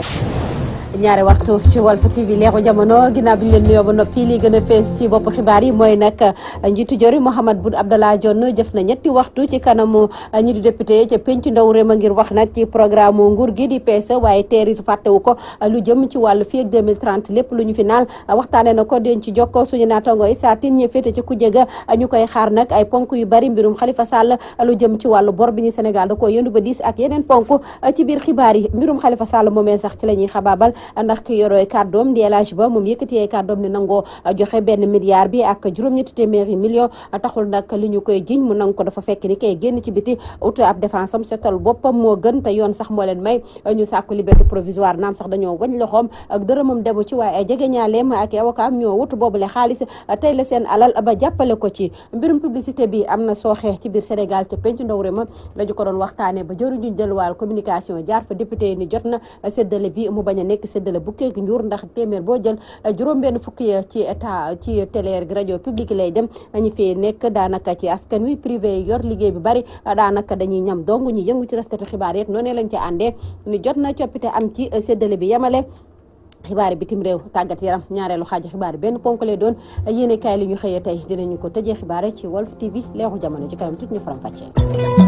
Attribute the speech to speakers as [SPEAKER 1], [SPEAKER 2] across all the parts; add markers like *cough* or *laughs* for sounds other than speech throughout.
[SPEAKER 1] Thank you.
[SPEAKER 2] ñaari waxtu ci Walf TV leeru jamono ginnaaw bi ñu leen nuyoo ba noppi li gën a fees ci bopp xibaar yi mooy nag njiitu jori Mouhamed Boun Abdallah Dionne jëf na ñetti waxtu ci kanamu ñu di député ca penc ndaw réew ma ngir wax nag ci programme ngur gi di PS waaye teer it fàttewu ko lu jëm ci wàllu fii ak 2030 lépp lu ñu fi naal waxtaane na ko den ci jokkoo suñu naatango Issa ku jega ñu koy xaar nag ay ponk yu bari mbirum Khalifa Sall lu jëm ci wàllu bor bi ni Sénégal da ko yëndu ba diis ak yeneen ponk ci biir xibaar yi mbirum Khalifa Sall moomee sax ci la ndax ki yorooy kàddoom di élage ba moom yëkkati ay kàddoom ne nangoo joxe benn milliard bi ak juróom-ñetti téeméeri million taxul nag li ñu koy jiñ mu nangu ko dafa fekk ni kay génn ci biti ut ab défense am boppam moo gën te yoon sax moo leen a ñu sàkku liberté provisoire naam sax dañoo wañ loxoom ak dërëmam demu ci waaye jege ñaaleem ak avocat ñoo wut boobule xaalis tey la seen alal a jàppale ko ci mbirum publicité bi am na sooxee ci biir Sénégal ca penc ndaw ma dañu ko doon waxtaane ba jëruñu jëlwaal communication jaar fa député yi ni na séddale bi mu bañ a nekk séddale bukkeeg njuur ndax téeméer boo jël eh, juróom-benn fukki eh, ci état ci télé rajo publique lay dem eh, ñu fee nekk daanaka ci askan wi privé yor liggéey bi bari daanaka dañuy ñam dong ñu yëngu ci taskatu xibaar yeeg noonu lañ ci àndee jot na coppite am ci séddale bi yemale. xibaar bitim réew tàggat yaram ñaareelu xaaju xibaar benn ponk lay doon yéene kaay li ñu xëyee tey dinañu ko tëjee xibaar ci Walf TV leexu jamono ci kanam tuuti ñu faram fàccee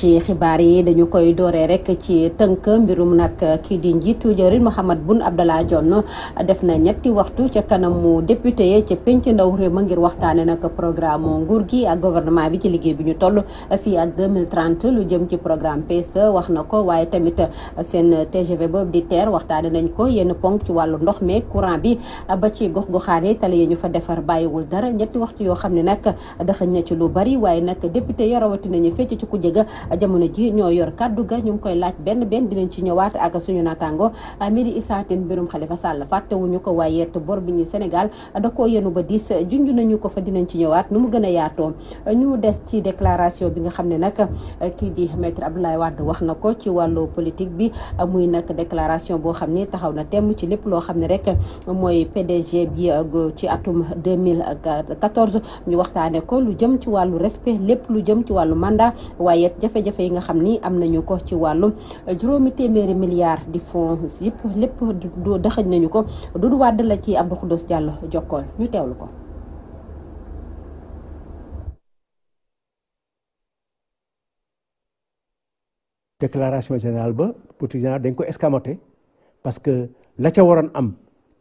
[SPEAKER 2] ci xibaar yi dañu koy dooree rek ci tënk mbirum nag kii di njiitu jëwriñ Mahammed Boun Abdallah Dionne def na ñetti waxtu ca kanam mu député ya ca penc ndaw réew ma ngir waxtaane nag programme nguur gi ak gouvernement bi ci liggéey bi ñu toll fii ak 2030 lu jëm ci programme e wax na ko waaye tamit seen TGV boobu di TER waxtaane nañ ko yenn ponk ci wàllu ndox meeg courant bi ba ci gox goxaan yi tali yi ñu fa defar bàyyiwul dara ñetti waxtu yoo xam ne nag daxañ na ci lu bari waaye nag député ya rawatina ñu fecc ci ku jega jamono ji ñoo yor kàddu ga ñu ngi koy laaj benn benn dinañ ci ñëwaat ak suñu naataango ah, mi di Issa Tine mbirum Khalifa Sall fàttewuñu ko waaye it bor bi ñu Sénégal da koo yenu ba diis junj nañu ko fa dinañ ci ñëwaat nu mu gën a yaatoo ñu des ci déclaration bi nga xam ne nag kii di maître Abdoulaye Wade wax na ko ci wàllu politique bi muy nag déclaration boo xam ne taxaw na temm ci lépp loo xam ne rek mooy PDG bi euh, ci atum 2014 ñu waxtaane ko lu jëm ci wàllu respect lépp lu jëm ci wàllu mandat jafe yi nga xam ni am nañu ko ci wàllum juróomi téeméeri milliards di fonds yëpp lépp du nañu ko Doudou Wade la ci Abdou Khoudous Diallo jokkool ñu teewlu ko.
[SPEAKER 3] déclaration général ba politique dañ ko escamoté parce que la ca waroon am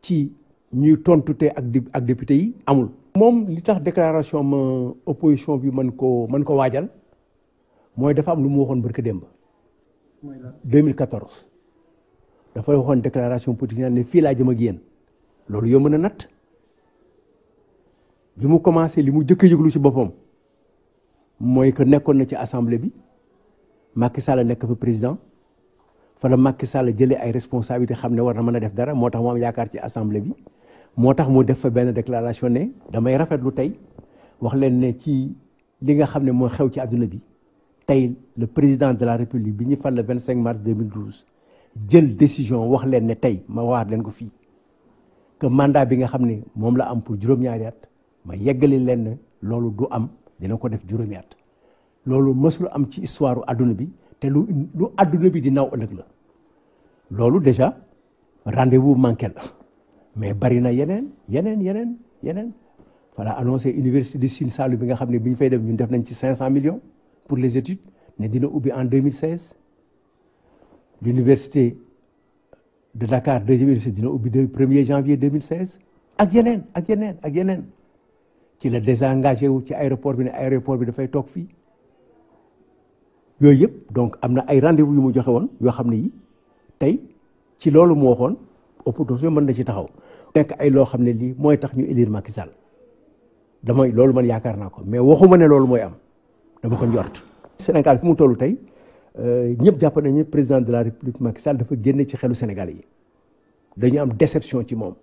[SPEAKER 3] ci ñuy tontuté ak ak député yi amul. moom li tax déclaration ma opposition bi mën ko mën ko waajal. mooy dafa am lu mu waxoon barki démb. mooy la 2014. dafay waxoon déclaration politique ne fii laa jëm ak yéen loolu mën a natt bi mu commencé li mu jëkk a yëglu ci boppam mooy que nekkoon na ci assemble bi Macky Sall nekk fa président fa la Macky Sall jëlee ay responsabilité xam ne war na mën a def dara moo tax mu am yaakaar ci assemblée bi moo tax mu def fa benn déclaration ne damay rafetlu tey wax leen ne ci li nga xam ne moo xew ci àdduna bi tey le président de la république bi ñu fal le 25 mars 2012 jël décision wax leen ne tey ma waar leen ko fii que mandat bi nga xam ne moom la am pour juróom-ñaari ma yeggali leen ne loolu du am dina ko def juróomi at loolu mësul am ci histoire adduna bi te lu lu adduna bi di naw ëllëg la loolu déjà rendez-vous manqué la mais bari na yeneen yeneen yeneen yeneen voilà annoncé université du Sine Saalum bi nga xam ne bi ñu fay dem ñun def nañ ci 500 millions. pour les études ne dina ubbi en 2016 l'université de Dakar deuxième université dina ubbi de premier janvier 2016 ak yeneen ak yeneen ak yeneen ci la désengagé wu ci aéroport bi ne aéroport bi dafay toog fii yooyu yëpp donc am na ay rendez-vous yu mu joxe woon yoo xam ne yi tey ci loolu mu waxoon opposition mën na ci taxaw nekk ay loo xam ne lii mooy tax ñu élire Macky Sall damay loolu man yaakaar naa ko mais waxuma ne loolu mooy am dama ko njort. Sénégal fu mu toll tey euh, ñëpp jàpp nañu président de la république Macky Sall dafa génne ci xelu Sénégalais yi dañu am déception ci moom.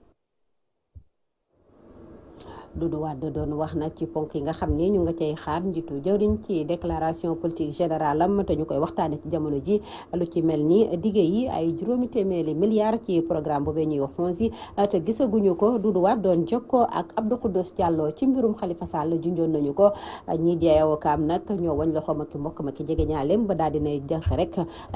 [SPEAKER 2] Doudou Wade doon wax na ci ponk yi nga xam ni ñu nga cay xaar njiitu jëwriñ ci déclaration politique générale am te ñu koy waxtaane ci jamono ji lu ci mel ni dige yi ay juróomi téeméeri milliards ci programme boobee ñuy wax fonds te gisaguñu ko Doudou Wade doon jokkoo ak Abdou Khoudoss Diallo ci mbirum Khalifa Sall junjoon nañu ko ñi kaam nag ñoo wañ loxo ma ki mbokk ma ki jege ñaaleem ba daal dinay jeex rek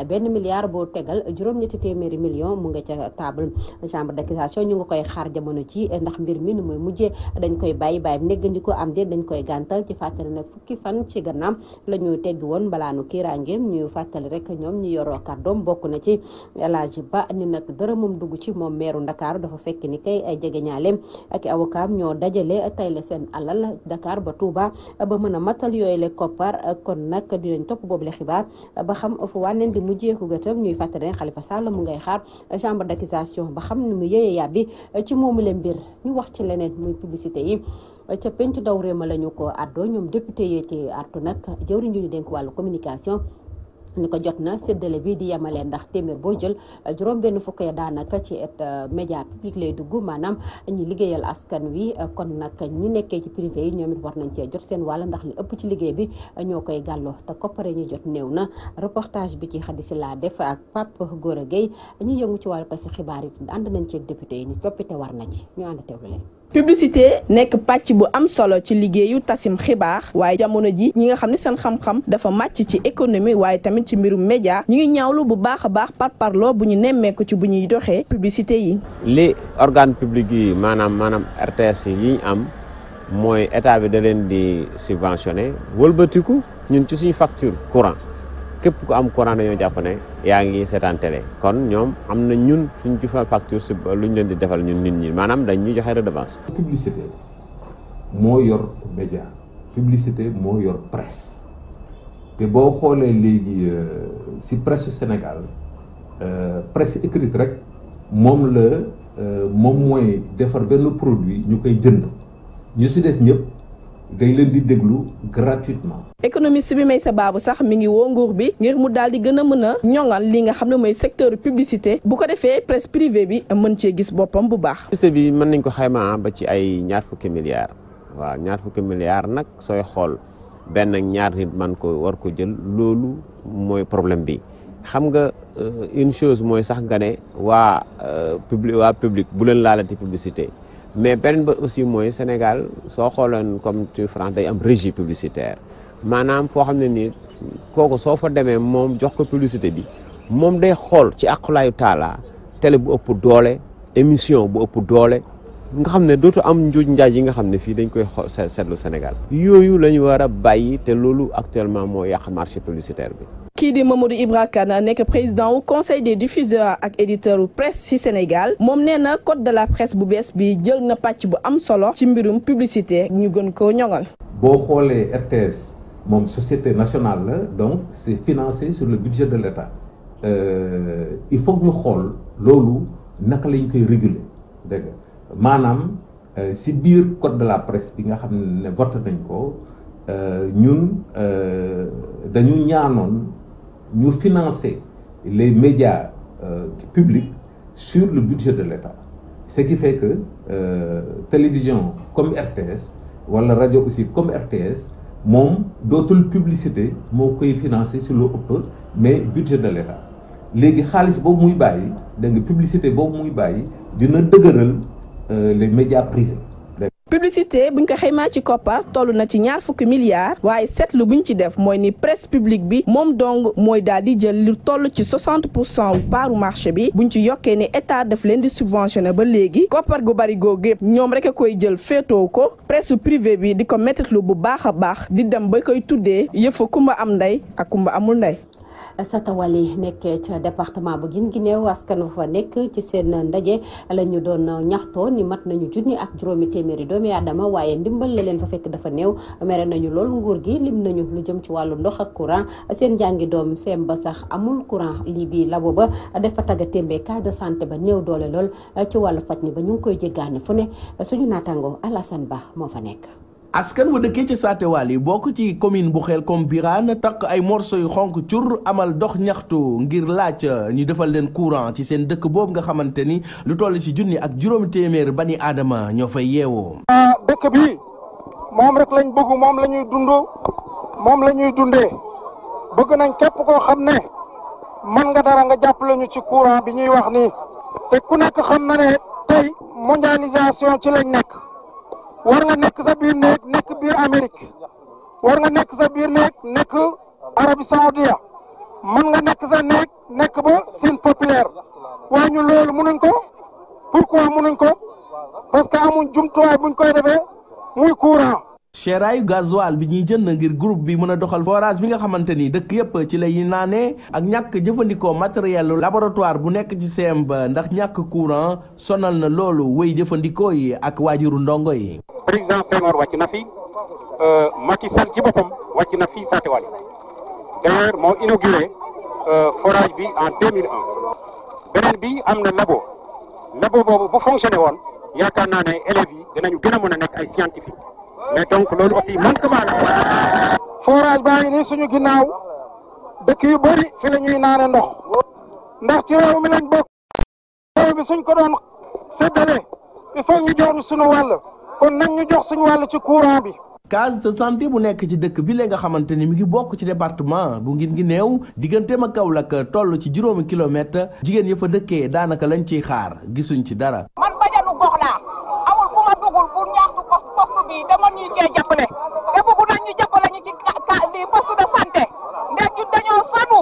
[SPEAKER 2] benn milliard boo tegal juróom-ñetti téeméeri million mu nga ca table chambre ñu koy xaar jamono ji ndax mbir mi nu muy mujjee dañ koy koy bàyyi bàyyi néggandiku ko am de dañ koy gàntal ci fàttali nag fukki fan ci gannaaw la ñu teggi woon mbalaanu kiiraangeem ñu fàttali rek ñoom ñu yoroo kàddoom bokk na ci El Hadji Ba ni nag dara moom dugg ci moom meeru Ndakaaru dafa fekk ni kay ay jegeñaaleem ak awokaam ñoo dajale tay la seen alal Dakar ba Touba ba mën a matal yooyu le koppar kon nag dinañ topp boobu le xibaar ba xam fu wànneen di mujjeeku gëtam ñuy fàttali ne Khalifa Sall mu ngay xaar chambre d'accusation ba xam ni mu yëyee yàbbi ci moomu le mbir ñu wax ci leneen muy publicité yi ca penc ndaw réew ma ko àddoo ñoom député yee ci artu nag jëwriñ ñu dénk wàllu communication ni ko jot na séddale bi di yemale ndax téeméer boo jël juróom benn fukk ya daanaka ci et euh, média public lay dugg maanaam ñi liggéeyal askan wi kon nag ñu nekkee ci privé yi ñoom it war nañ cee jot seen wàll ndax li ëpp ci liggéey bi ñoo koy gàlloo te koppare ñu jot néew na reportage bi ci xadisi laa def ak Pape Gora Gueye ñi yëngu ci wàllu tasi xibaar yi ànd nañ ci député yi ni coppite war na ci ñu ànd teewlu
[SPEAKER 4] publicité nekk pàcc bu am solo ci liggéeyu tasim xibaax waaye jamono ji ñi nga xam ni seen xam-xam dafa màcc ci économie waaye tamit ci mbirum média ñi ngi ñaawlu bu baax a baax par parloo bu ñu nemmeeku ci bu ñuy doxee publicité yi.
[SPEAKER 5] li organe public yi maanaam maanaam RTS yi ñu am mooy état bi da leen di subventionné walbatiku ñun ci suñu facture courant. képp ku am courant dañoo jàpp ne yaa ngi seetaan télé kon ñoom am na ñun suñ jufal facture si lu ñu leen di defal ñun nit ñi maanaam dañ ñu joxe redevance
[SPEAKER 1] publicité moo yor média publicité moo yor presse te boo xoolee léegi euh, si presse Sénégal euh, presse écrite rek moom la euh, moom mooy defar benn produit ñu koy jënd ñu si des ñëpp day leen di déglu gratuitement.
[SPEAKER 4] économiste bi may sa baabu sax mi ngi woo nguur bi ngir mu daal di gën a mën a ñoŋal li nga xam ne mooy secteur publicité bu ko defee presse privée bi mën cee gis boppam bu baax.
[SPEAKER 5] publicité bi mën nañ ko xayma ba ci ay ñaar fukki milliards waaw ñaar fukki milliards nag sooy xool benn ñaar nit man ko war ko jël loolu mooy problème bi xam nga euh, une chose mooy sax nga ne waa euh, public waa public bu leen laalati publicité. mais beneen ba aussi mooy Sénégal soo xooloon comme tu France day am régie publicitaire maanaam foo xam ne nii kooku soo fa demee moom jox ko publicité bi moom day xool ci àqulaayu taala télé bu ëpp doole émission bu ëpp doole nga xam ne dootu am njuuj njaaj yi nga xam ne fii dañ koy xool seetlu Sénégal yooyu la ñu war a bàyyi te loolu actuellement moo yàq marché publicitaire bi
[SPEAKER 4] kii di Mamadou Ibra Kane nekk président wu conseil des diffuseurs ak éditeurs presse ci Sénégal moom nee na code de la presse bu bees bi jël na pàcc bu am solo ci mbirum publicité ñu gën ko ñoŋal.
[SPEAKER 1] boo xoolee RTS moom société nationale la donc c'est financé sur le budget de l'État euh, il faut ñu xool loolu naka lañ koy réguler dégg maanaam euh, ci biir code de la presse bi nga xam ne voté nañ ko euh, ñun euh, dañu ñaanoon. ñu financer les médias euh, publics sur le budget de l'État ce qui fait que euh, télévision comme RTS wala rajo aussi comme RTS moom dootul publicité moo koy financer sur le ëpp mais budget de l'État léegi xaalis boobu muy bàyyi da nga publicité boobu muy bàyyi dina dëgëral euh, les médias privés
[SPEAKER 4] publicité buñ ko xaymaa ci koppar toll na ci ñaar fukki milliards waaye seetlu buñ ci def mooy ni presse publique bi moom dong mooy daal di jël lu toll ci 60 pour cent paaru marché bi bu buñ ci yokkee ni état daf leen di subventionné ba léegi koppar gu bari googu ñoom rek a koy jël féetoo ko presse privé bi di ko métitlu bu baax a baax di dem ba koy tuddee yëfa kumba am ndey ak kumba amul ndey
[SPEAKER 2] yi nekkee ca département bu Guinguinéo askan fa nekk ci seen ndaje la ñu doon ñaxtoo ni mat nañu junni ak juróomi téeméeri doomi aadama waaye ndimbal la leen fa fekk dafa néew mere nañu lool nguur gi lim nañu lu jëm ci wàllu ndox ak courant seen njàngi doom seem ba sax amul courant lii bi labo ba dafa tagga témbee cas de santé ba néew doole lool ci wàllu faj mi ba ñu ngi koy jéggaani fu ne suñu naataango Alassane Ba moo fa nekk
[SPEAKER 6] askan wa dëkkee ci saatewaal yi bokk ci commune bu xel comme Birane takk ay morceau yu xonk cur amal dox ñaxtu ngir laaj euh, ñu defal leen courant ci seen dëkk boobu nga xamante ni lu toll ci junni ak juróomi téeméer bani aadama ñoo fay yeewoo.
[SPEAKER 7] Ah, dëkk bi moom rek lañ bëgg moom lañuy ñuy moom lañuy ñuy dundee bëgg nañ képp koo xam ne mën nga dara nga jàppale ñu ci courant bi ñuy wax nii te ku nekk xam na ne tey mondialisation ci lañ nekk. war nga nekk sa biir néeg nekk biir Amérique war nga nekk sa biir néeg nekk Arabie Saoudia mën nga nekk sa néeg
[SPEAKER 6] nekk ba Sine Populaire waaye ñun loolu mënuñ ko pourquoi mënuñ ko parce que amuñ jumtuwaay buñ koy defee muy courant. cheeraayu gasoil bi ñuy jën ngir groupe bi mën a doxal forage bi nga xamante ni dëkk yépp ci lay naanee ak ñàkk jëfandikoo matériel laboratoire bu nekk ci seem ba ndax ñàkk courant sonal na loolu wéy jëfandikoo yi ak waajuru ndongo yi.
[SPEAKER 8] président Senghor wàcc na fi euh, Macky ci boppam wàcc na fi Satewali d'ailleurs moo inauguré euh, forage bi en 2001 beneen bi am na labo labo boobu bu fonctionné woon yaakaar naa ne élèves yi dinañu gën a mën a donc loolu aussi manquement
[SPEAKER 7] forage baa ngi nii suñu ginnaaw dëkk yu bëri fi la naane ndox
[SPEAKER 6] ndax ci réew mi lañ bokk bi suñ ko doon séddale
[SPEAKER 9] il faut ñu jox suñu wàll
[SPEAKER 6] kon nag ñu jox suñu wàll ci courant bi. case de santé bu nekk ci dëkk bi la nga xamante ni mi ngi bokk ci département bu ngin ngi néew digganteem ak Kaolack toll ci juróomi kilomètre jigéen ya fa dëkkee daanaka lañ ciy xaar gisuñ ci dara.
[SPEAKER 4] bi demoon ñu cee jàppale te bëgg nañ ñu jàppale ñu ci lii poste de santé ndax ñun dañoo sonu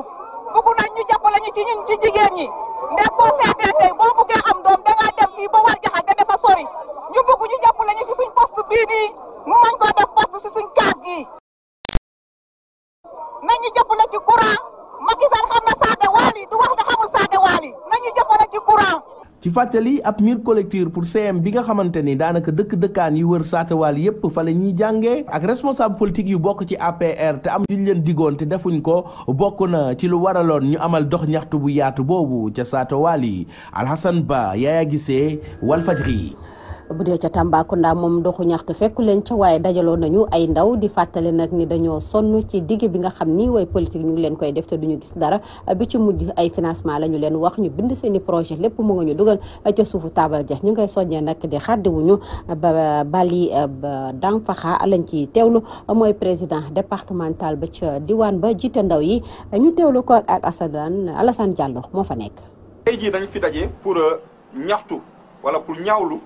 [SPEAKER 4] bëgg nañ ñu jàppale ñu ci ñun ci jigéen ñi ndax boo seetee tey boo bëggee am doom da ngaa dem fii ba war jaxal te dafa sori ñu bëgg ñu jàppale ñu ci suñ poste bii nii mu mañ koo def poste si suñ kaas gii nañ ñu jàppale ci courant Macky Sall na saate waali du wax ne
[SPEAKER 3] xamul saate waali nañ ñu jàppale
[SPEAKER 6] ci courant ci fàttali ab miir lecture pour CM bi nga xamante ni daanaka dëkk-dëkkaan yi wër saatewaal yépp fa la ñuy jàngee ak responsable politique yu bokk ci APR te am yuñ leen diggoon te defuñ ko bokk na ci lu waraloon ñu amal dox ñaxtu bu yaatu boobu ca saatewaal yi Alhassane Ba Yaya Gissé yi
[SPEAKER 2] bu dee ca Tambacounda moom doxu ñaxtu fekku leen ca waaye dajaloo nañu ay ndaw di fàttali nag ni dañoo sonn ci digg bi nga xam ni way politique ñu ngi leen koy def te duñu gis dara bi ci mujj ay financement lañu leen wax ñu bind seeni projet lépp mu nga ñu dugal ca suufu taabal ja ñu ngay soññee nag di xàddiwuñu ba Bali Danfaxa lañ ci teewlu mooy président départemental ba ca diwaan ba jiite ndaw yi ñu teewlu ko ak Alassane Alassane Diallo moo fa nekk.
[SPEAKER 10] tey jii dañ fi daje pour euh, ñaxtu wala pour ñaawlu.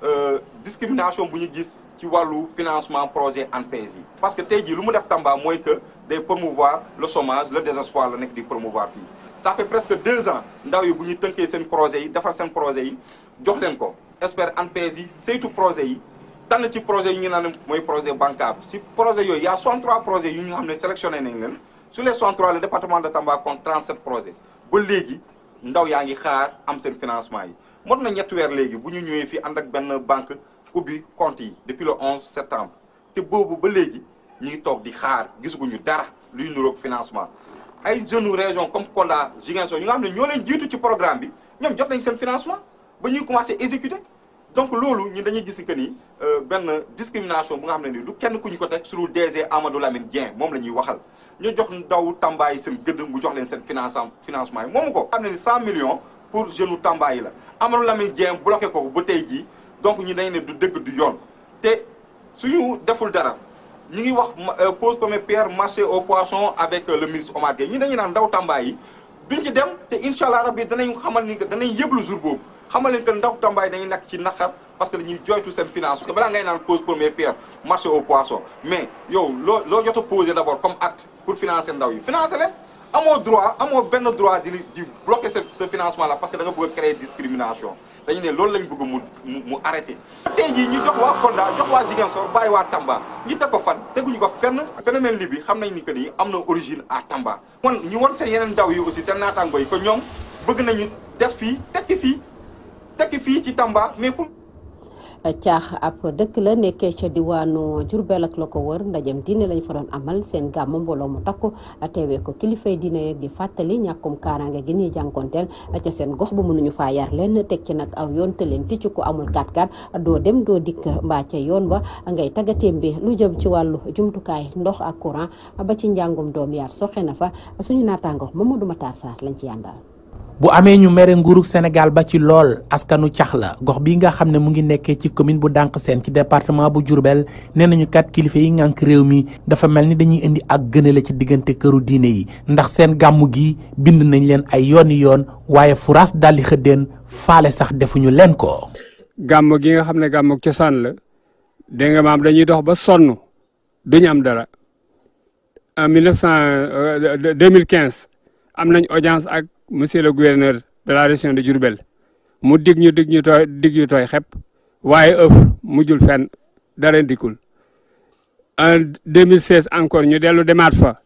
[SPEAKER 10] Euh, discrimination bu ñu gis ci wàllu financement projet ANPEJ yi parce que tey jii lu mu def Tamba mooy que day promouvoir le chômage le désespoir la nekk di promouvoir fii ça fait presque deux ans ndaw yi bu ñu tënkee seen projet yi defar seen projet yi jox leen ko espère ANPEJ yi saytu projet yi tànn ci projet yi ñu naan mooy projet bancable si projet yooyu y' a 63 projets yu ñu xam ne sélectionné nañ leen sur les 63 le département de Tamba compte 37 projets ba léegi ndaw yaa ngi xaar am seen financement yi mot na ñetti weer léegi bu ñu ñëwee fii ànd ak benn banque ubbi compte yi depuis le 11 septembre te boobu ba léegi ñu ngi toog di xaar gisaguñu dara luy nuroog financement ay jeunes région comme Kolda Ziguinchor ñu nga xam ne ñoo leen jiitu ci programme bi ñoom jot nañ seen financement ba ñuy commencé exécuter donc loolu ñun dañuy gis que ni euh, benn discrimination bu nga xam ne ni lu kenn ku ñu ko teg sulu DG Amadou Lamine Dieng moom la ñuy waxal ñu jox ndaw Tamba yi seen gëdd mu jox leen seen financement financement yi moomu ko xam ne ni 100 pour jeune u Tamba yi la Amadou Lamine Dieng bloqué ko ba tey jii donc ñu dañ ne du dëgg du yoon te su ñu deful dara ñu ngi wax euh, pose première pierre marché au poisson avec euh, le ministre Omar Gueye ñu dañu naan ndaw Tamba yi duñ ci dem te incha allah rabbi danañ xamal ni danañ yëglu jour boobu xamal leen que ndaw Tamba yi dañuy nekk ci naqar parce que dañuy joytu seen finance parce que ngay naan pose première pierre marché au poisson mais yow loo loo jot posé d' abord comme acte pour financer ndaw yi financer leen amoo droit amoo benn droit di di bloquer ce ce financement là parce que da a créer discrimination dañu ne loolu lañ bëgg mu mu arrêté. tey jii ñu jox waa Kolda jox waa Ziguinchor bàyyi waa Tamba ñu teg ko fan teguñu ko fenn phénomène li xam nañ ni que ni am na origine à Tamba. wan ñu wan seen yeneen ndaw yi aussi seen naataango yi que ñoom bëgg nañu des fii tekki fii tekki fii ci Tamba
[SPEAKER 2] caax ab dëkk la nekkee ca diwaanu Jurbel ak la ko wër ndajem diine lañu fa doon amal seen gàmmu mbooloo mu takku teewee ko kilifay diine yeeg di fàttali ñàkkum kaaraange gi ñuy jànkonteel ca seen gox ba mënuñu faa yar leen teg ci nag aw yoon te leen ti ci ko amul kaat-kaat doo dem doo dikk mbaa ca yoon ba ngay taggateem bi lu jëm ci wàllu jumtukaay ndox ak courant ba ci njàngum doom yaar soxe na fa suñu naataango Mamadou Matar Sarr lañ ci yàndal
[SPEAKER 11] bu amee ñu mere nguurug Sénégal ba ci lool askanu cax la gox bi nga xam ne mu ngi nekkee ci commune bu dànq seen ci département bu Diourbel nee nañu kat kilifa yi ngànk réew mi dafa mel ni dañuy indi ak gënale ci diggante këru diine yi ndax seen gàmmu gi bind nañ leen ay yooni yoon waaye furaas daldi xëddeen faale sax defuñu leen ko. gàmm gi
[SPEAKER 12] nga xam ne gàmm cosaan la dégg nga maam dañuy dox ba sonn duñu am dara en 1900 2015 euh, am nañ audience ak. monsieur le gouverneur de la région de Diourbel mu dig ñu dig ñu tooy dig ñu tooy xepp waaye ëf mujjul fenn dara ndikul en 2016 encore ñu dellu demaat fa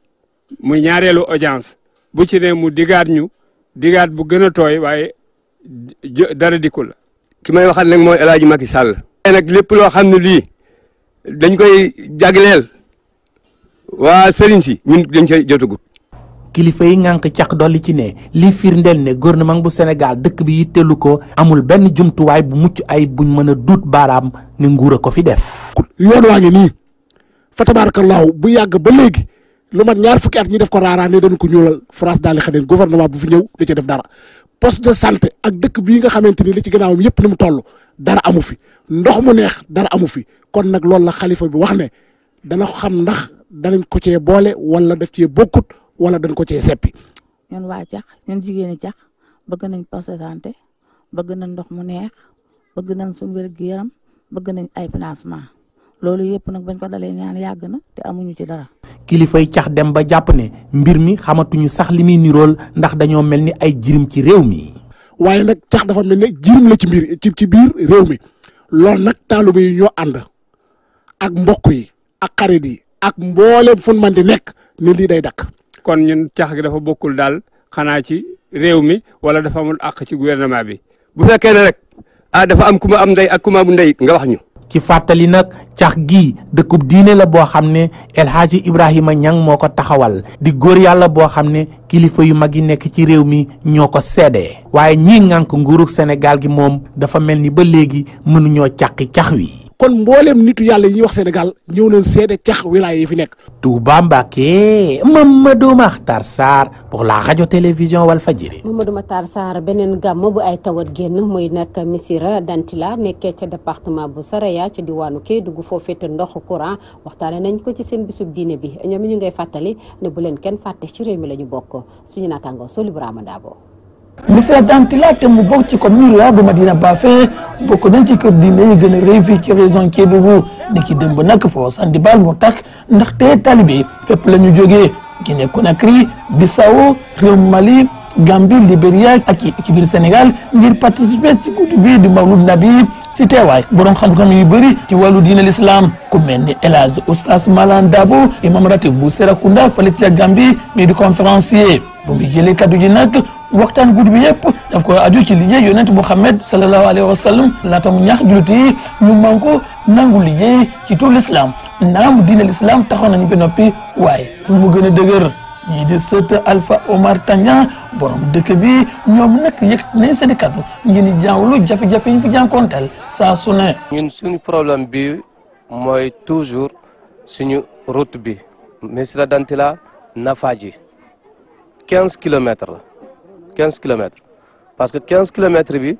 [SPEAKER 12] muy ñaareelu audience bu ci ne mu digaat ñu digaat bu gën a tooy waaye dara dikkul. ki may waxaat nag mooy El Hadj Macky
[SPEAKER 9] Sall. nag lépp loo xam ne lii dañ koy jagleel waa sëriñ si ñun dañ koy jotagut.
[SPEAKER 11] kilifa yi ngànk caq li ci ne li firndeel ne gouvernement bu Sénégal dëkk bi yittelu ko amul benn jumtuwaay bu mucc ay buñ mën a duut baaraam ne nguur a ko fi def. yoon waa ngi nii fa tabaarakallaahu bu yàgg ba léegi lu mat ñaar fukki at ñi def ko raaraan ne ko ñuulal France daal di xaneen gouvernement bu fi ñëw da ci def dara poste de santé ak dëkk bii nga xamante ni li ci gannaawam yëpp ni mu toll dara amu fi ndox mu neex dara amu fi kon nag loolu la xalifa bi wax ne dana xam ndax danañ ko cee boole wala daf cee bokkut. wala dañ ko cee seppi.
[SPEAKER 2] ñun waa cax ñun jigéen ñi cax bëgg nañ poste santé bëgg nañ ndox mu neex bëgg nañ suñu wér-gu-yaram bëgg nañ ay financement loolu yëpp nag bañ ko dalee ñaan yàgg na te amuñu ci dara.
[SPEAKER 11] kilifay cax dem ba jàpp ne mbir mi xamatuñu sax li muy nirool ndax dañoo mel ni ay jirim ci réew mi. waaye nag cax dafa mel ne jirim la ci biir ci ci biir réew mi loolu nag taaluba yi ñoo ànd ak mbokk yi ak xarit yi ak mboolem
[SPEAKER 12] fu mu mën di nekk ni lii day kon ñun cax gi dafa bokkul daal xanaa ci réew mi wala dafa amul àq ci gouvernement bi. bu fekkee ne rek ah dafa am ku am ndey ak ku ma amul
[SPEAKER 11] ndey nga wax ñu. ci fàttali nag cax gi dëkku diine la boo xam ne El Hadji Ibrahima Niang moo ko taxawal di góor yàlla boo xam ne kilifa yu mag yi nekk ci réew mi ñoo ko seede waaye ñii ngànk nguurug Sénégal gi moom dafa mel ni ba léegi mënuñoo càqi cax wi. kon mbooleem nitu yàlla yi wax Sénégal ñëw nañ seede cax wilaaya fi nekk. Touba Mbacké Mamadou Makhtar Sarr pour la radio télévision Walfadjri.
[SPEAKER 2] Mamadou Makhtar Sarr beneen gàmm bu ay tawat génn muy nag Missirah Dantila nekke ca département bu Saraya ci diwaanu Kédougou foofee te ndoxu courant waxtaane nañ ko ci seen bisub diine bi ñoom ñu ngay fàttali ne bu leen kenn fàtte ci réew mi la ñu bokk suñu naataangoo Soli Brahima Dabo.
[SPEAKER 13] Missirah Dante la te mu bokk ci commune rurale bu Madina Bafe bokko nañ ci kër diine yi gën a réy fii ci région Kédougou ni dem démb nag foo sandi bal moo tax ndaxte talibe fépp la ñu jógee Guinée bi Bissau réew Mali Gambie Libéria ak ci biir Sénégal ngir participer ci guddi bii di mawlud nabi si teewaay borom xam-xam yu bëri ci wàllu diine l'islam ku mel ni El Hadj Oustaz Malan Dabo imam ratib bu Serakunda fële ca Gambie mii di conférencier bu mu jëlee kaddu ji nag waxtaan guddi bi yëpp daf ko aju ci liggéey yonent Muhammad sallallahu alayhi wa sallam laata mu ñaax jullit yi ñu man ko nangu liggéey ci tout l'islam naam diine l'islam taxoon nañu ba noppi waaye pour mu gën a dëgër ñii di sët Alpha Omar Tagna borom dëkk bi ñoom nag yëg nañ seen kàddu ngir jaawlu jafe-jafe yi ñu fi jànkonteel
[SPEAKER 9] saa su suñu problème bi mooy toujours suñu route bi Missirah Dantela Nafaji quinze kilomètres la quinze kilomètres parce que quinze kilomètres bi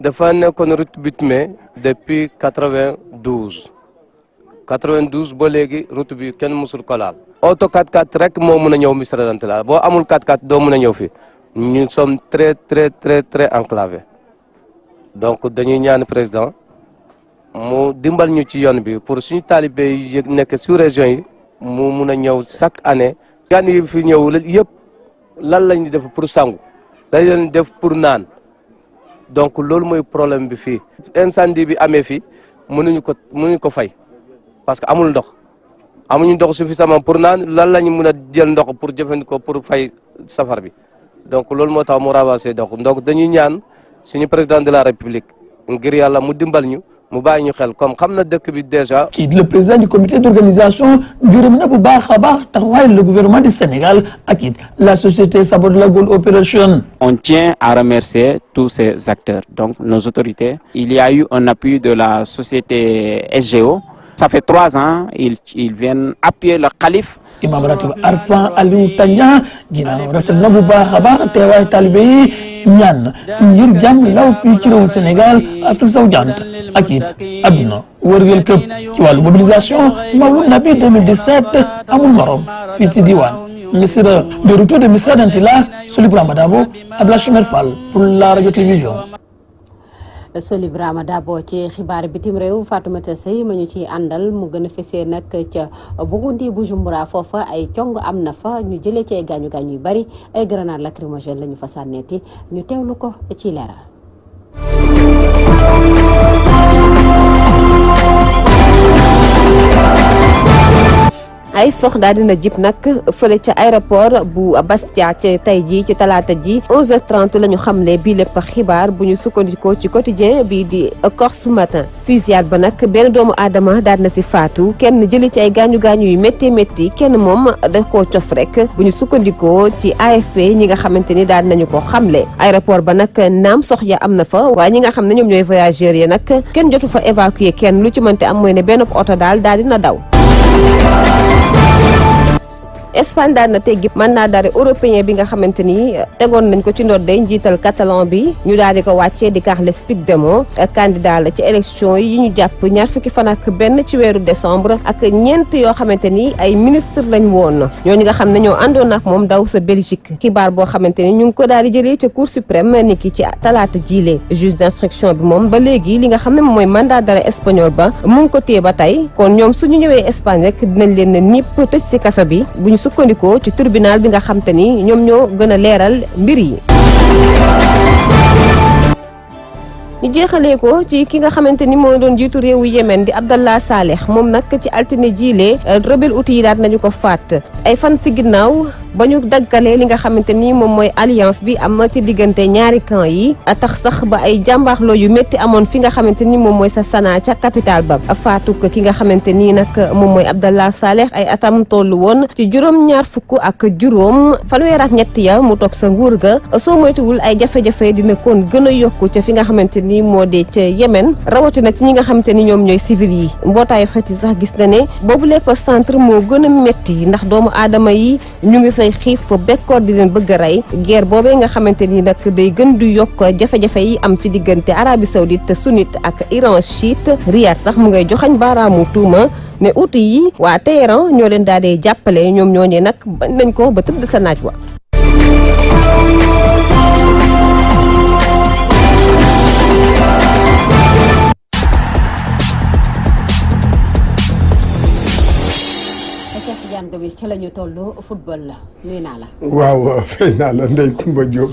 [SPEAKER 9] dafa nekkoon route bitumée depuis quatre-vingt-douze 92 ba léegi route bi kenn mësul ko laal oto 4 x rek moo mun a ñëw Missirah Dante Alla boo amul 4x4 doo mën a ñëw fii ñu sommes très très très très enclavé donc dañuy ñaan président mu dimbal ñu ci yoon bi pour suñu taalibe yi nekk sous région yi mu mun a ñëw chaque année gan yi fi ñëw yëpp lan la ñuy def pour sangu lañ leen def pour naan donc loolu mooy problème bi fii incendie bi amee fii mënuñu ko mënuñu ko fay parce que amul ndox amuñu ndox suffisamment pour naan lan la ñu mën a jël ndox pour jëfandikoo pour fay safar bi donc loolu moo tax mu ravassé ndox donc dañuy ñaan suñu président de la république ngir yàlla mu dimbal ñu mu bàyyi ñu xel comme xam na dëkk bi déjà.
[SPEAKER 13] kii le président du comité d'organisation gërëm bu baax a baax taxawaay le gouvernement du Sénégal ak it la société Sabodala Gold Operation.
[SPEAKER 5] on tient à remercier tous ces acteurs donc nos autorités. il y a eu un appui de la société SGO. Ça fait trois ans, ils, ils viennent appuyer le calife.
[SPEAKER 13] imam ratib arfan aliou tandian ginnaaw rafet na bu baax a baax te talibe yi ñaan ngir jàmm law fii ci réew Sénégal Afrique sowu jant ak it adduna wërngël këpp ci wàllu mobilisation Mawlid Nabi 2017 amul morom fii si diwaan Missirah de retour de Missirah Dantila Soulibou Ramadan Abdoulaye Choumer Fall pour la radio télévision
[SPEAKER 2] Solib Rama Dabo ci xibaar bitim réew Fatoumata Seye ma ñu ciy àndal mu gën a fesee nag ca Burundi Bujumbura foofa ay cong am na fa ñu jëlee ci gaañu gaañu yu bari ay grenade lacrymogène la ñu fa sànneeti ñu teewlu ko ci leeral
[SPEAKER 14] ay sox daal dina jib nag fële ca aéroport bu Bastia ca tey jii ci talaata ji 11 la ñu xamle bii lépp xibaar bu ñu sukkandikoo ci quotidien bii di Corse matin fusillade ba nag benn doomu aadama daal na si faatu kenn jëli ci ay gaañu gaañu yu métti métti kenn moom da koo cof rek bu ñu sukkandikoo ci AFP ñi nga xamante ni daal nañu ko xamle aéroport ba nag naam sox ya am na fa waaye ñi nga xam ne ñoom ñooy voyageurs yi nag kenn jotu fa évacuer kenn lu ci mënte am mooy ne benn oto daal daal dina daw Espagne daan na teggi mandat d'arrêt européen bi nga xamante ni euh, tegoon nañ ko ci ndoor day njiital catalan bi ñu daal di ko wàccee di Carles Puigdemont euh, candidat la ci élection yi ñu jàpp ñaar fukki fan ak benn ci weeru décembre ak ñeent yoo xamante ni ay ministre lañ woon na ñoo ñu nga xam ne ñoo àndoon ak moom daw sa Belgique xibaar boo xamante ni ñu ngi ko daal di jëlee ca Cour suprême ni ki ci talaata jiile juge d'instruction bi moom ba léegi li nga xam ne mooy mandat d'arrêt espagnol ba mu ngi ko téye ba tey kon ñoom suñu ñëwee Espagne dinañ leen nipp tëj si kaso bi sukkandikoo ci tribunal bi nga xam ni ñoom ñoo gën a leeral mbir yi. ñu jeexalee ko ci ki nga xamante ni moo doon jiitu réewu Yémen di Abdallah Saleh moom nag ci altine jiile rebelle houthi yi daat nañu ko faat ay fan ci ginnaaw. ba ñu daggalee li nga xamante ni moom mooy alliance bi am ci diggante ñaari camp yi tax sax ba ay jàmbaarloo yu métti amoon fi nga xamante ni moom mooy sa sanaa ca capital ba faatu ki nga xamante ni nag moom mooy Abdallah Saleh ay atam tollu woon ci juróom ñaar fukk ak juróom fanweer ak ñett ya mu toog sa nguur ga soo moytuwul ay jafe-jafe dina kon gën a yokku ca fi nga xamante ni moo dee ca Yemen rawatina ci ñi nga xamante ni ñoom ñooy civil yi mbootaayu xeet yi sax gis na ne boobu lépp centre moo gën a métti ndax doomu aadama yi dafay xiif fa bekkoor di leen bëgg a rey guerre boobee nga xamante ni nag day gën du yokk jafe-jafe yi am ci diggante Arabie Saoudite sunnite ak Iran chiite Riyad sax mu ngay joxañ baaraamu tuuma ne uti yi waa Téhéran ñoo leen daal di jàppale ñoom ñooñee nag bañ nañ ko ba tëdd sa naaj wa
[SPEAKER 2] Viviane Gomis ci la ñu toll football la nuyu naa la.
[SPEAKER 12] waaw fay naa la Ndeye Kumba Diop.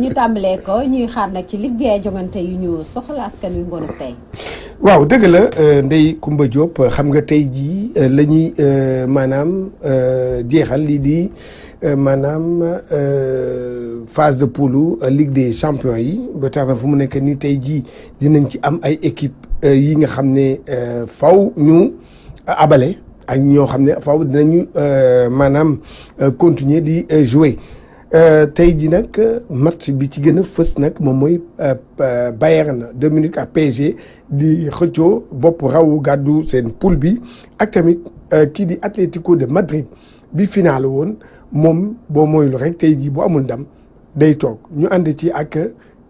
[SPEAKER 2] ñu tàmbalee ko ñuy xaar nag ci ligue ay jongante yu ñu soxla askan wi ngoonu tey.
[SPEAKER 12] waaw dëgg la euh, ndey Kumba Diop xam nga tey jii euh, la ñuy euh, maanaam jeexal lii di maanaam phase de poule ligue des champions yi ba tax fu mu nekk nii tey jii dinañ ci am ay équipe yi nga xam ne faw ñu abale. ak ñoo xam ne faaw dinañu euh, maanaam euh, continuer di euh, jouer tey jii nag match bi ci gën a fës nag moom mooy Bayern de Munich ak PSG di xëccoo bopp rawu gàddu seen poule bi ak tamit kii di Atlético de Madrid bi final woon moom boo moylu rek tey jii boo amul ndam day toog ñu ànd ci ak.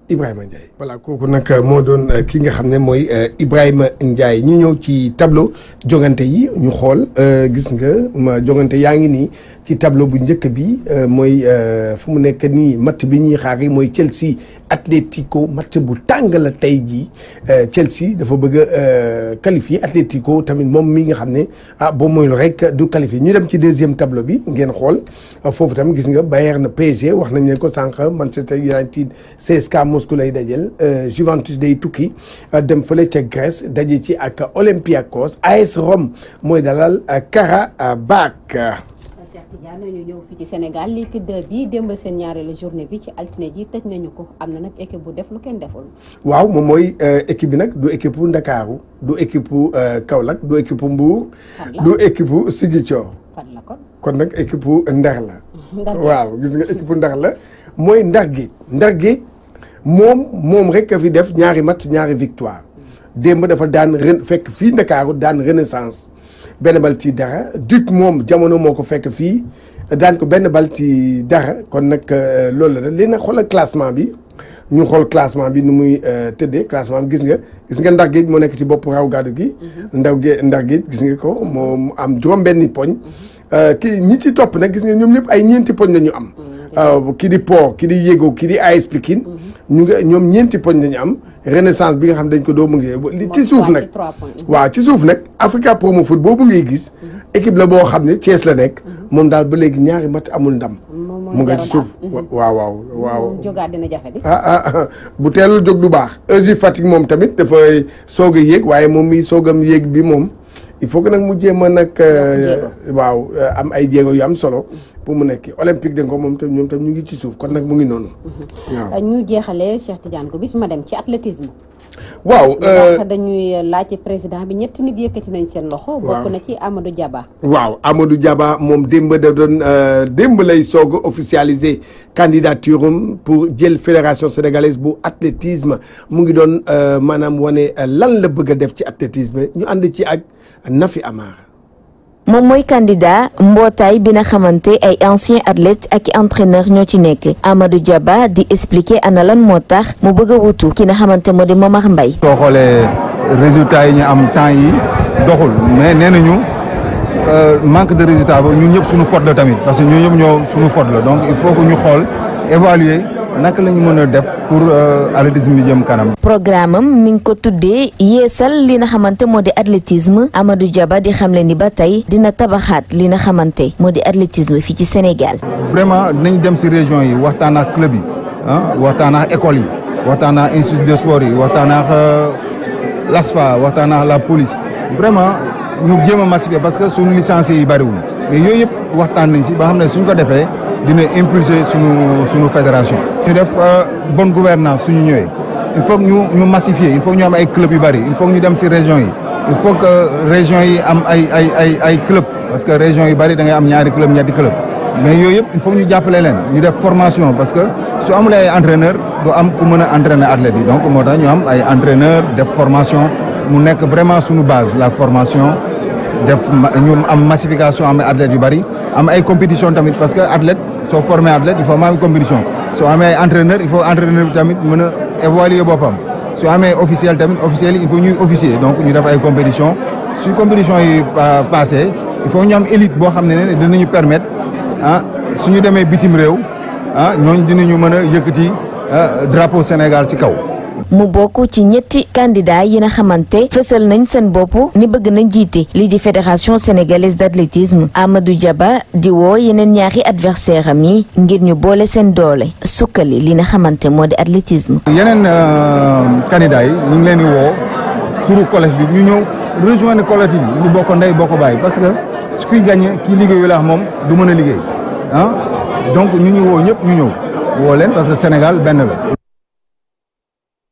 [SPEAKER 12] Ibrahima Ndiaye voilà kooku nag euh, moo doon euh, ki nga xam ne mooy euh, Ibrahima Ndiaye ñu ñëw ci tableau jogante yi ñu xool gis nga ma jogante yaa ngi nii. ci tableau bu njëkk bi euh, mooy euh, fu mu nekk nii match bi ñuy xaar yi mooy Chelsea Atlético match bu tàng la tey jii euh, Chelsea dafa bëgg a qualifier Atlético tamit moom mi nga xam ne ah boo moyul rek du qualifier ñu dem ci deuxième tableau bi ngeen xool foofu tam gis nga Bayern PSG wax nañ leen ko sànq Manchester United CSKA Moscou lay dajel Juventus day tukki dem fële ca Grèce daje ci ak Olympiakos AS Rome mooy dalal Karabakh
[SPEAKER 2] Cheikh Tidiane ñu ñëw fii ci Sénégal liquide bi démb seen ñaareelu journée bi ci altine ji tëj nañu ko am na nag équipe bu def lu kenn deful.
[SPEAKER 12] waaw moom mooy euh, équipe bi nag du équipe bu Ndakaaru du équipe bu euh, Kaolack du équipe bu Mbour. bu Ziguinchor. fan la kon kon nag équipe bu *laughs* Ndar la. waaw gis nga équipe bu ndax la mooy Ndar Géej. ndax Géej moom moom rek a fi def ñaari mat ñaari victoire mm. démb dafa daan ren fekk fii Ndakaaru daan renaissance. benn bal ci dara duc moom jamono moo ko fekk fii daan ko benn bal ci dara kon nag euh, loolu la léegi nag xoolal classement bi ñu xool classement bi nu muy euh, tëddee classement bi gis nga gis nga ndax géej moo nekk ci bopp raw gàddu gi. Mhm. ndaw ge ndax géej gis nga ko moom am juróom-benni poñ. Mhm. Euh, kii ñi ci topp nag gis nga ñoom ñëpp ay ñeenti poñ la ñu am. Mhm. kii di Po kii di Yégo kii di AS Pikine ñu ñoom ñeenti poñ la ñu am. renaissance bi nga xam dañ ko doomu ngi li ci suuf nag waaw ci suuf nag Africa Promo Foot boobu ngay gis mhm. équipe la boo xam ne Thiès la nekk mhm. moom daal ba léegi ñaari match amul ndam mu nga ci suuf waaw waaw mhm. waaw
[SPEAKER 2] jógaat dina jafe di ah,
[SPEAKER 12] ah, ah bu teelul jog du baax heure yi Fatick moom tamit dafay soog a yéeg waaye moom mi soogam yéeg bi moom il faut que nag mu jéem a nag. Euh, waaw euh, am ay jéego yu am solo. pour mu nekk olympique de ko moom tam ñoom tam ñu ngi ci suuf kon nag mu ngi noonu.
[SPEAKER 2] Mm-hmm. waaw ñu jeexalee Cheikh Tidiane ko bis ma dem ci athlétisme. waaw ndax euh, dañuy laajte président bi ñetti nit nañ seen loxo. bokk na Amadou Diaba.
[SPEAKER 12] waaw Amadou Diaba moom démb doon démb lay soog a officialiser candidature pour jël fédération sénégalaise bu athlétisme mu ngi doon maanaam wane lan la bëgg a def ci athlétisme ñu ànd ci ak. Nafi Amar.
[SPEAKER 14] moom mooy candidat mbootaay bi nga xamante ay anciens athlètes ak i entraîneurs ñoo ci nekk Amadou Diaba di expliquer ana lan moo tax mu bëgg wutu ki nga xamante moo di Momar mbay soo
[SPEAKER 7] xoolee résultat yi ñu am temps yi doxul mais nee nañu euh, manque de résultat ba ñu ñëpp suñu faute la tamit parce que ñun ñëpp ñoo suñu faute la donc il faut que ñu xool évaluer naka la ñu mën a def pour euh, athlétisme bi jëm kanam.
[SPEAKER 14] programme am mi ngi ko tuddee yeesal li nga xamante moo di athlétisme Amadou Diaba di xamle ni ba tey dina tabaxaat li nga xamante moo di athlétisme fii ci Sénégal.
[SPEAKER 7] vraiment dinañ dem si région yi waxtaan ak club yi ah waxtaan ak école yi waxtaan ak institut de sport yi waxtaan ak euh, l'ASFA waxtaan ak la police vraiment ñu jëm a massifier parce que suñu licenciés yi bariwul mais yooyu yëpp waxtaan nañ si ba xam ne suñ ko defee. dina impulser suñu suñu fédération. ñu def euh, bonne gouvernance suñu ñëwee il faut ñu ñu massifier il faut ñu am ay club yu bëri il faut ñu dem si région yi il faut que région yi am ay ay ay ay club parce que région yu bëri da ngay am ñaari club ñetti club mais yooyu yëpp il faut ñu jàppale leen ñu def formation parce que su amul ay entraîneur du am ku mën a entraîner athlètes yi donc moo tax ñu am ay entraîneur def formation mu nekk vraiment suñu base la formation def ñu am massification am athlètes yu bëri am ay compétition tamit parce que athlète soo formé athlète il faut ma am compétition soo amee ay entraîneur il faut entraîneur bi tamit mën a évaluer boppam su amee officiel tamit officiel il faut ñuy officier donc ñu def ay compétition su compétition yi passé il faut ñu am élite boo xam ne ne dinañu permettre ah ñu demee bitim réew ah ñooñu dinañu mën a yëkkati ah, drapeau Sénégal si kaw
[SPEAKER 14] mu bokk ci ñetti candidat yi na xamante fësal nañ seen bopp ni bëgg nañ jiite lii di fédération sénégalaise d'athlétisme Amadou Diaba di woo yeneen ñaari adversaire am yi ngir ñu boole seen doole sukkali li nga xamante moo di athlétisme. yeneen
[SPEAKER 7] euh, candidat yi ñu ngi leen woo turu collectif bi ñu ñëw rejoindre collectif bi ñu bokk ndey bokk bàyyi parce que su kuy gagné kii liggéeyu laax moom du mën a liggéey ah. donc ñu ñu woo ñëpp ñu ñëw woo leen parce que Sénégal benn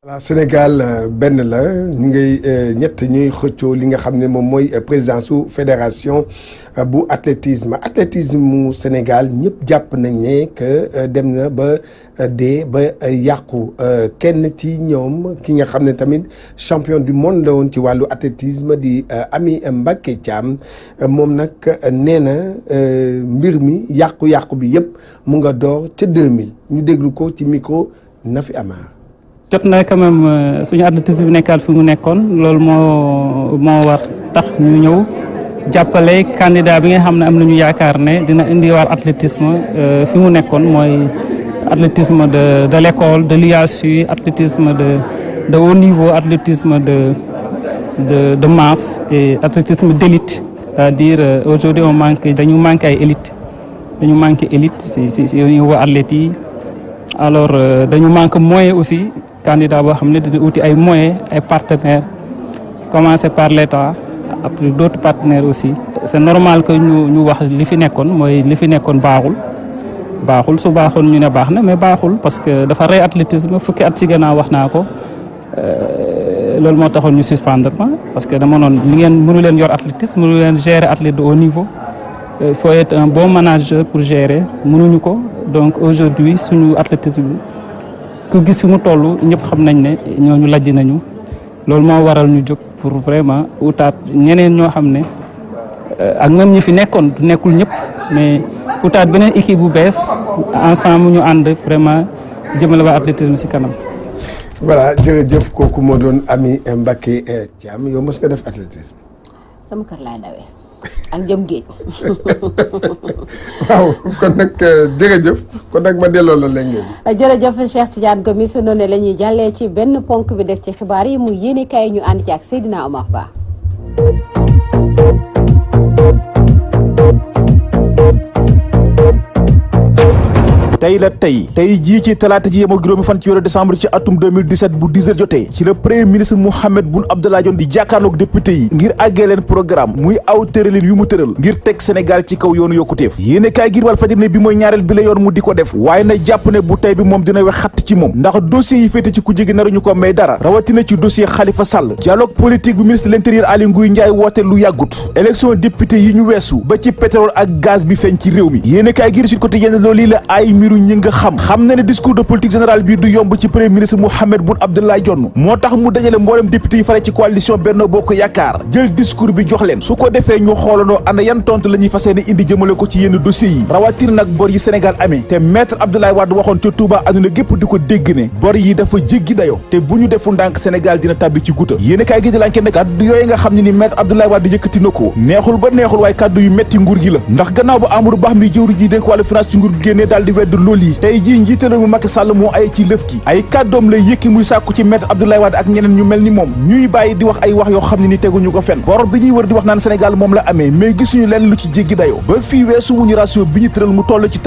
[SPEAKER 12] voilà Sénégal euh, benn la ñu ngay euh, ñett ñuy xëccoo li nga xam ne moom mooy euh, président su fédération bu athlétisme athlétisme mu Sénégal ñëpp jàpp nañ ne que dem na ba dee ba yàqu kenn ci ñoom ki nga xam ne tamit champion du monde la woon ci wàllu athlétisme di Ami Mbacké Thiam moom nag nee na mbir mi yàqu-yàqu bi yëpp mu nga door ca 2000 ñu déglu ko ci micro Nafi Amar
[SPEAKER 8] jot na quand même euh, suñu athlétisme bi nekkaat fi mu nekkoon loolu moo moo war tax ñu ñëw jàppale candidat bi nga xam ne am nañu yaakaar ne dina indiwaar athlétisme euh, fi mu nekkoon mooy athlétisme de de l'école de l'IASU athlétisme de de haut niveau athlétisme de de de masse et athlétisme d'élite c'est-à-dire euh, aujourd'hui on manque dañu manque ay élite dañu manque élite si si si au niveau athlètes yi alors dañu manque moyen aussi candidat boo xam ne dina uti ay moyens ay partenaires commencé par l'État après d'autres partenaire aussi c'est normal que ñu wax li fi nekkoon mooy li fi nekkoon baaxul baaxul su baaxoon ñu ne baax na mais baaxul parce que dafa rey athlétisme fukki at ci gannaaw wax naa ko euh, loolu moo taxoon ñu suspendre parce que dama noon li ngeen mënu leen yor athlétisme mënu leen gérer athlète de haut niveau euh, il faut être un bon manager pour gérer mënuñu ko donc aujourd'hui suñu athlétisme ku gis fi mu tollu ñëpp xam nañ ne ñooñu lajj nañu loolu moo waral ñu jóg pour vraiment utaat ñeneen ñoo xam ne euh, ak même ñi fi nekkoon du nekkul ñëpp mais utaat beneen équipe bu bees ensemble ñu ànd vraiment jëmale waa athlétisme si kanam.
[SPEAKER 12] voilà jërëjëf kooku moo doon Amy Mbacké Thiam yow mos nga def athlétisme.
[SPEAKER 2] sama kër laay ak jëm géej.
[SPEAKER 12] waaw kon nag euh, jërëjëf kon nag ma delloo la léegi.
[SPEAKER 2] jërëjëf Cheikh Tidiane Gomis su noonu la ñuy jàllee ci benn ponk bi des ci xibaar yi mu yéene kaay ñu ànd ci ak Seydina Omar Ba.
[SPEAKER 15] tey la tey tey jii ci talaata ji yemoo juróomi fan ci weeru décembre ci atum bu jotee ci la premier ministre Mohamed Boun Abdallah Dionne di jàkkaarloog député yi ngir àggee leen programme muy aw tëralin yu mu tëral ngir teg Sénégal ci kaw yoonu yokkuteef yéene kaay giir wal ne bi mooy ñaareel bi la yoon mu di ko def waaye na jàpp ne bu tey bi moom dina wax ci moom ndax dossier yi féete ci ku jigi naruñu ko may dara rawatina ci dossier Khalifa Sall Abdou nag bor yi Sénégal amee te maître Abdoulaye waxoon ca Touba gépp di ko dégg ne bor yi dafa jéggi dayo te bu ñu defu ndànk Sénégal dina tàbbi ci guta yéen i kaay gi di yooyu nga xam ni maître Abdoulaye Wade yëkkati na ko neexul ba neexul waaye kaddu yu metti nguur gi la ndax gannaaw ba Amadou Ba mi jëwri ji dénk wàllu finance ci nguur gi génnee daal di weddu lool yi tey jii njiitu réew mi Macky Sall ci lëf gi ay kàddoom lay yëkki muy sàkku ci maître Abdoulaye Wade ak ñeneen ñu mel ni moom ñuy bàyyi di wax ay wax yoo xam ne ni teguñu ko fenn bor bi ñuy wër di wax naan Sénégal moom la amee mais gisuñu leen lu ci jéggi dayoo ba fii weesu wuñu ratio bi ñu tëral mu toll ci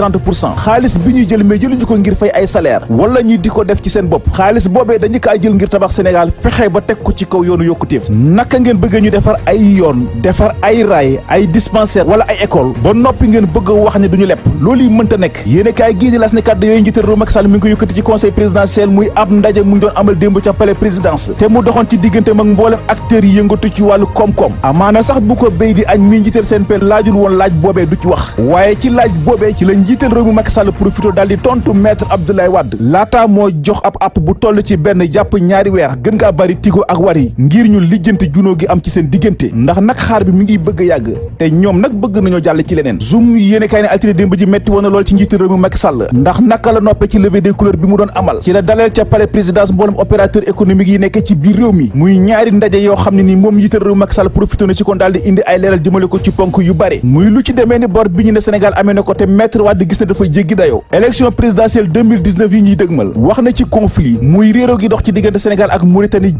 [SPEAKER 15] xaalis bi ñuy jël mais jëluñu ko ngir fay ay salaire wala ñuy di ko def ci seen bopp xaalis boobee dañu kaa jël ngir tabax Sénégal fexe ba teg ko ci kaw yoonu yokkuteef naka ngeen bëgg ñu ay yoon defar ay raay ay dispensaire wala ay école ba noppi ngeen bëgg wax ne duñu lepp loolu yi mënta nekk yéene kaay gii di las ne kàddu yooyu njiital réew Macky Sall mi ngi ko yëkkati ci conseil présidentiel muy ab ndaje mu ngi doon amal démb ca palais présidence te mu doxoon ci diggante mag mboolem acteurs yëngatu ci wàllu koom-koom amaana sax bu ko béy di añ mi njiital CNP laajul woon laaj boobee du ci wax waaye ci laaj boobee ci la njiital réew mi Macky Sall profité daal di tontu maître Abdoulaye Wade laata moo jox ab app bu toll ci benn jàpp ñaari weer gën ngaa bari tigo ak war yi ngir ñu lijjanti junoo gi am ci seen diggante ndax nag xaar bi mi ngi bëgg yàgg te ñoom nag bëgg nañoo jàll ci leneen zoom yéene kaay ne altine démb ji lool ci njiital réew mi Macky Sall ndax naka la noppe ci levée des couleurs bi mu doon amal ci la daleel ca palais présidence mboolem opérateur économique yi nekk ci biir réew mi muy ñaari ndaje yoo xam ne ni moom yital réew Macky Sall ci kon daal indi ay leeral jëmale ko ci ponk yu bare muy lu ci ni bor bi ñu ne Sénégal amee na ko te maître Wade gis na dafa jéggi dayoo élection présidentielle yi ñuy dëgmal wax na ci conflit muy réero gi dox ci diggante Sénégal ak Mauritanie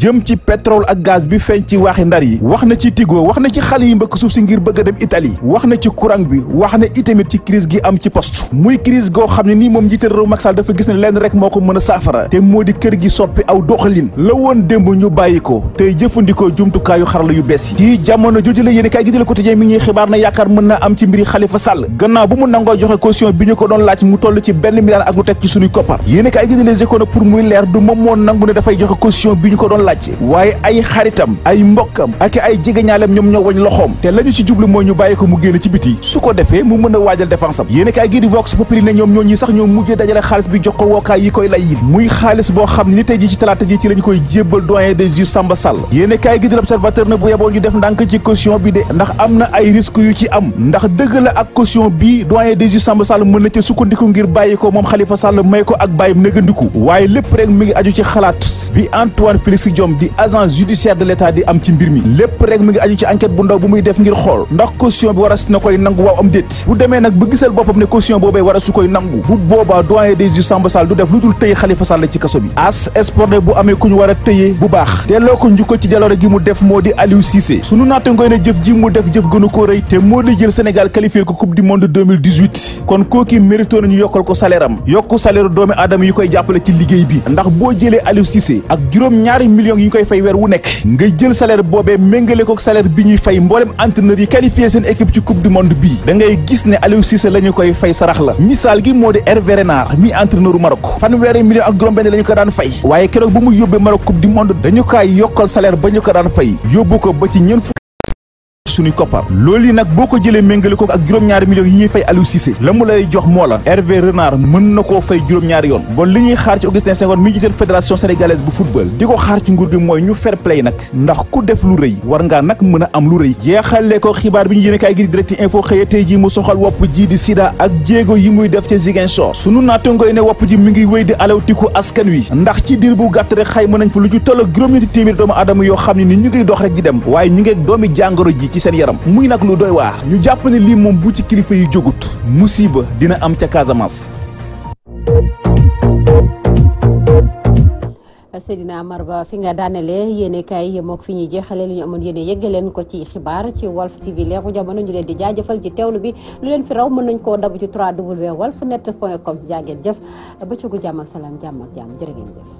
[SPEAKER 15] xam ne nii moom njiital réew Macky Sall dafa gis ne lenn rek moo ko mën a saafara te moo di kër gi soppi aw doxalin la woon démb ñu bàyyi ko te jëfandikoo jumtukaayu xarala yu bees yi ci jamono jooju la yéen kay gi di Le Quotidien mi ñuy xibaar na yaakaar mën naa am ci mbiri Khalifa Sall gannaaw bu mu nangoo joxe caution bi ñu ko doon laaj mu toll ci benn milliard ak lu teg ci suñuy koppar yéen kay gi di Les Échos pour muy leer du moom moo nangu ne dafay joxe caution bi ko doon laaj waaye ay xaritam ay mbokkam ak ay jegeñaaleem ñoom ñoo wañ loxoom te la ñu ci jublu mooy ñu bàyyi ko mu génn ci biti su ko defee mu a waajal défense am yéen ñi sax ñoo mujjee dajale xaalis bi jox ko wookaay yi koy lay yi muy xaalis boo xam ne ni tey ji ci talaata ji ci lañ koy jébbal doyen des juges Samba Sall yéen kaay gi di l'observateur na bu yeboo ñu def ndànk ci caution bi de ndax am na ay risques yu ci am ndax dëgg la ak caution bi doyen de juges Samba Sall mën na ca sukkandiku ngir bàyyi ko moom Khalifa Sall may ko ak bàyyim négandiku waaye lépp rek mu ngi aju ci xalaat bi Antoine Félix Diome di agent di am ci mbir mi lépp rek mi ngi aju ci enquête bu ndaw bu muy def ngir xool ndax caution bi war a demee nag ba gisal boppam ne caution boobee war su koy nangu boobu bu boobaa doyen des juges Samba Sall du def lu dul tëye Khalifa Sall ci kaso bi as sport ne bu amee ku ñu tëye bu baax delloo ko njukkal ci jaloore gi mu def moo di Aliou Cissé sunu naata ngoy ne jëf ji mu def jëf gënu ko rëy te moo di jël Sénégal qualifié ko coupe du monde 2018 kon kooki mérito nañu yokkal ko salaire am yokku doomi aadama yi koy jàppale ci liggéey bi ndax boo jëlee Aliou Cissé ak juróom ñaari millions yi ñu koy fay weer wu nekk nga jël salaire boobee méngale ko salaire fay mboolem entraîneur yi qualifié seen la ñu koy moo di Hervé Renard mi entraîneur Maroc fanweeri million ak juróom-benn la ko daan fay waaye keroog bu mu yóbbee Maroc coupe monde dañu kaa yokkal salaire ba ñu ko daan fay yóbbu ko ba ci ñeen suñu koppar loolu yi nag boo ko jëlee méngale ko ak juróom-ñaari millions yi ñuy fay Aliou Cissé la mu lay jox moo la Hervé Renard mën na koo fay juróom-ñaari yoon bon li ñuy xaar ci Augustin Senghor mi jiiteel fédération sénégalaise bu football di ko xaar ci nguur gi mooy ñu fair play nag ndax ku def lu rëy war ngaa nag mën a am lu rëy jeexale ko xibaar bi ñu yéene kaay gi di direct info xëye tey ji mu soxal wopp ji di sida ak jéego yi muy def ca Ziguinchor sunu naatango yi ne wopp ji mi ngi wéy di alawtiku askan wi ndax ci diir bu gàtt rek xayma nañ fa lu ju toll ak juróom-ñetti téeméer yoo xam ne ni ñu ngi dox rek di dem waaye ñu ngi doomi jàngoro ji ci seen yaram muy nag lu doy waa ñu jàpp ne lii moom bu ci kilifa yi jógut musiba dina am ca Casamance.
[SPEAKER 2] Seydina Amar Ba fi nga daanelee yéene kaay yemook fi ñu jeexalee li ñu amoon yéene yëgge leen ko ci xibaar ci Walf TV leeru jamono ñu leen di jaajëfal ci teewlu bi lu leen fi raw mën nañ koo dabu ci 3w walfnet point com jaa ngeen jëf bëccëgu jàmm ak salaam jàmm ak jàmm jërë ngeen jëf